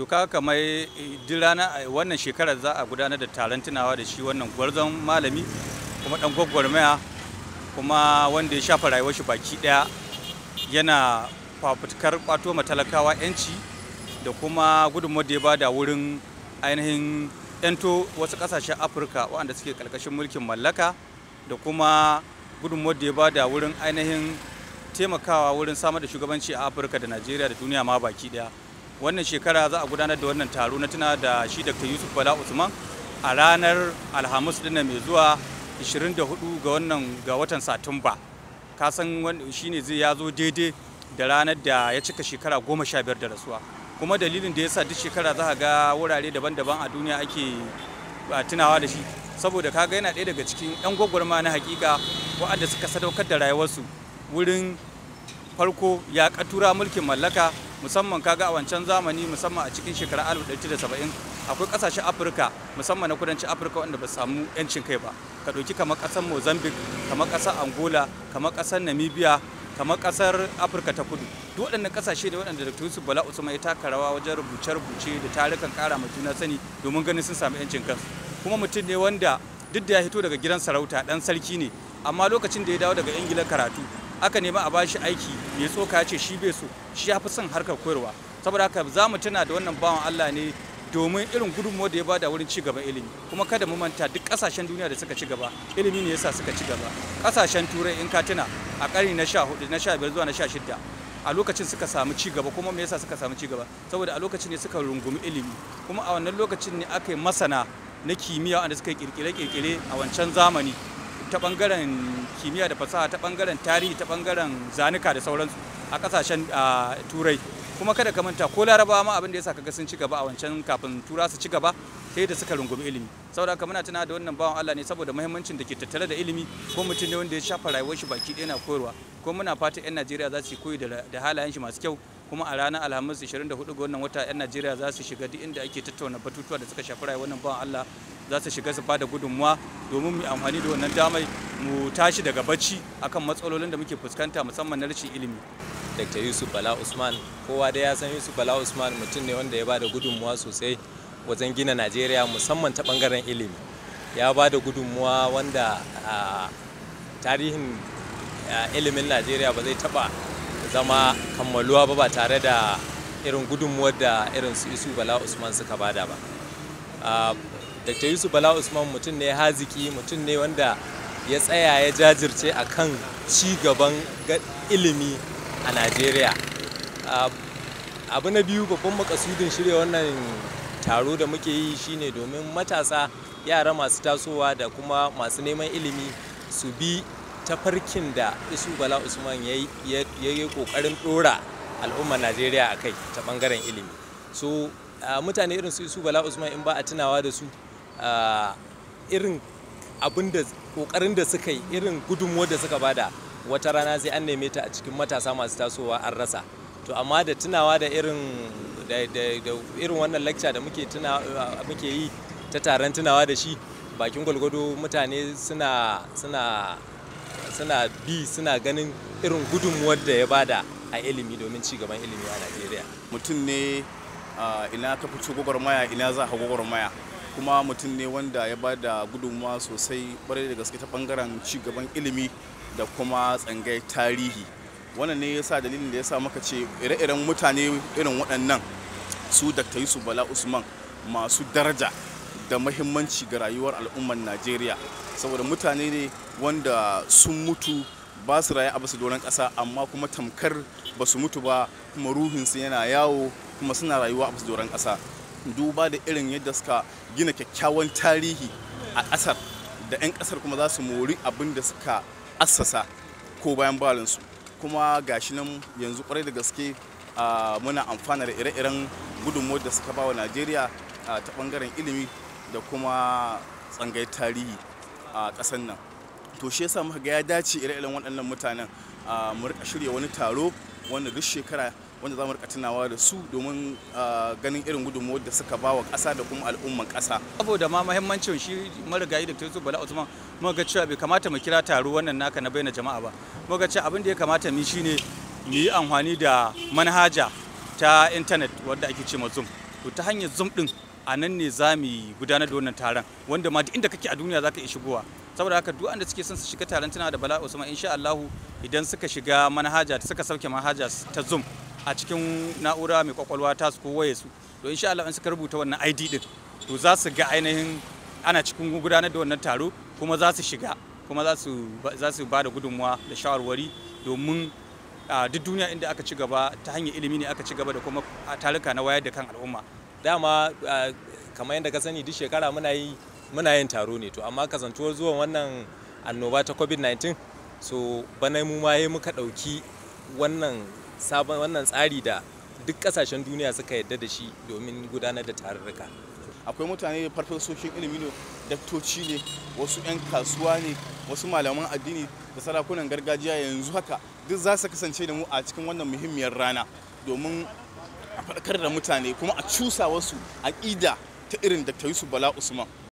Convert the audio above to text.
to kaga kamar eh, duk rana eh, wannan shekarar za a gudanar da taron tunawa da shi wannan gwarzon malami kuma dan gwagwarmaya kuma wanda ya shafa rayuwar shi baki daya yana fafutukar kwato matalakawa yanci da kuma gudunmawar da ya bada wurin ainihin yanto wasu kasashen afirka waɗanda suke karkashin mulkin mallaka da kuma gudunmawar da ya bada wurin ainihin taimakawa wurin samar da shugabanci a afirka da najeriya da duniya ma baki daya wannan shekara za a gudanar da wannan taro na tuna da shi dr yusuf bala usman a ranar alhamis dinnan mai zuwa 24 ga wannan ga watan satumba kasan shine zai ya zo daidai da ranar da ya cika shekara goma sha biyar da rasuwa kuma dalilin da ya sa duk shekara za a ga wurare daban-daban a duniya ake tunawa da shi saboda kaga yana ɗaya daga cikin 'yan gwagwarma na hakika waɗanda suka sadaukar da rayuwarsu wurin farko ya ƙatura mulkin mallaka musamman kaga a wancan zamani musamman a cikin shekarar 1970 akwai kasashen afirka musamman na kudancin afirka wanda ba samu yancin kai ba ka ɗauki kamar ƙasar mozambique kamar ƙasar angola kamar ƙasar namibia kamar ƙasar afirka ta kudu duk waɗannan ƙasashe ne waɗanda da yusuf bala usman ya taka rawa wajen rubuce-rubuce da tarukan ƙara ma juna sani domin ganin sun samu yancin kansu kuma mutum ne wanda duk da ya hito daga gidan sarauta ɗan sarki ne amma lokacin da ya dawo daga ingila karatu aka nemi a bashi aiki mai tsoka ce shi bai so shi ya fi son harkar koyarwa saboda haka za mu tuna da wannan bawan Allah ne domin irin gudunmuwa da ya bada wurin ci gaban ilimi kuma kada mu manta duk kasashen duniya da suka ci gaba ilimi ne yasa suka ci gaba kasashen turai in ka tuna a ƙarni na 14 na 15 zuwa na 16 a lokacin suka samu ci gaba kuma me yasa suka samu ci gaba saboda a lokacin ne suka rungumi ilimi kuma a wannan lokacin ne aka yi masana na kimiyya wanda suka kirkire-kirkire a wancan zamani ta bangaren kimiyya da fasaha ta bangaren tarihi ta bangaren zanuka da sauransu a kasashen turai kuma kada ka manta ko larabawa ma abin da yasa kaga sun ci gaba a wancan kafin tura su ci gaba sai da suka rungumi ilimi saboda kamar muna tana da wannan bawan Allah ne saboda muhimmancin da ke tattare da ilimi ko mutum ne wanda ya shafa rayuwar shi baki ɗaya na koyarwa ko muna fatan 'yan Najeriya za su koyi da halayen shi masu kyau kuma a ranar alhamis 24 ga wannan wata 'yan najeriya za su shiga duk inda ake tattauna batutuwa da suka shafi rayuwar wannan bawan allah za su shiga su bada gudunmuwa domin mu amfani da wannan damai mu tashi daga bacci akan matsalolin da muke fuskanta musamman na rashin ilimi dr yusuf bala usman kowa da ya san yusuf bala usman mutum ne wanda ya bada gudunmuwa sosai wajen gina najeriya musamman ta bangaren ilimi ya bada gudunmuwa wanda tarihin ilimin najeriya ba zai taba zama kammaluwa ba ba tare da irin gudunmuwar da irin su isu bala usman suka bada ba dr yusuf bala usman mutum ne haziki mutum ne wanda ya tsaya ya jajirce a kan gaban ilimi a najeriya abu na biyu babban makasudin shirya wannan taro da muke yi shine domin matasa yara masu tasowa da kuma masu neman ilimi su bi tafarkin da isu bala usman ya yi kokarin dora al'ummar najeriya a kai ta bangaren ilimi so mutane irin su isu bala usman in ba a tunawa da su irin abin da kokarin da suka yi irin gudunmuwar da suka bada wata rana zai an neme ta a cikin matasa masu tasowa an rasa to amma da tunawa da irin wannan lecture da muke yi ta taron tunawa da shi bakin gwalgwado mutane suna suna bi suna ganin irin gudunmuwar da ya bada a ilimi domin ci gaban ilimi a Najeriya. Mutum ne ina ka fito gwagwarmaya ina za ka gwagwarmaya kuma mutum ne wanda ya ba da gudunmuwa sosai kwarai da gaske ta bangaren ci gaban ilimi da kuma tsangai tarihi wannan ne ya sa dalilin da ya sa maka ce ire-iren mutane irin waɗannan su dr yusuf bala usman masu daraja da mahimmanci ga rayuwar al'ummar najeriya saboda mutane ne wanda sun mutu ba su raye a basu doron ƙasa amma kuma tamkar ba su mutu ba kuma ruhinsu yana yawo kuma suna rayuwa a basu doron ƙasa duba da irin yadda suka gina kyakkyawan tarihi a ƙasar da 'yan ƙasar kuma za su mori abin da suka assasa ko bayan balinsu kuma gashi nan yanzu kwarai da gaske ah, muna amfana da ire-iren gudunmawar da suka ba wa najeriya ah, ta bangaren ilimi da kuma tsangai tarihi a ƙasar nan to shi yasa muka ga ya dace ire-iren waɗannan mutanen mu rika shirya wani taro wanda duk shekara wanda za mu rika tunawa da su domin ganin irin gudunmuwar da suka ba wa ƙasa da kuma al'umman ƙasa. saboda ma mahimmancin shi marigayi da tutsu bala usman muka ga cewa bai kamata mu kira taro wannan naka na bayyana jama'a ba muka ga cewa abin da ya kamata mu ne mu yi amfani da manhaja ta intanet wadda ake ce ma zoom to ta hanyar zoom din a nan ne za mu gudanar da wannan taron wanda ma duk inda kake a duniya za ka iya shigowa saboda haka duk anda suke son su shiga taron tana da bala usman insha Allahu idan suka shiga manhaja suka sauke manhaja ta zoom a cikin na'ura mai kwakwalwa ta su ko waye su to insha Allah in suka rubuta wannan ID din to za su ga ainihin ana cikin gudanar da wannan taro kuma za su shiga kuma za su ba da gudunmuwa da shawarwari domin duk duniya inda aka ci gaba ta hanyar ilimi ne aka ci gaba da kuma a taruka na wayar da kan al'umma dama kamar yadda ka sani duk shekara muna yi muna yin taro ne to amma kasantuwar zuwan wannan annoba ta covid-19 so bana mu ma muka ɗauki wannan sabon wannan tsari da duk kasashen duniya suka yadda da shi domin gudanar da tarurruka akwai mutane farfesoshin ilimi ne daktoci ne wasu 'yan kasuwa ne wasu malaman addini da sarakunan gargajiya yanzu haka duk za su kasance da mu a cikin wannan muhimmiyar rana domin a faɗakar da mutane kuma a cusa wasu aƙida ta irin da ta su bala usman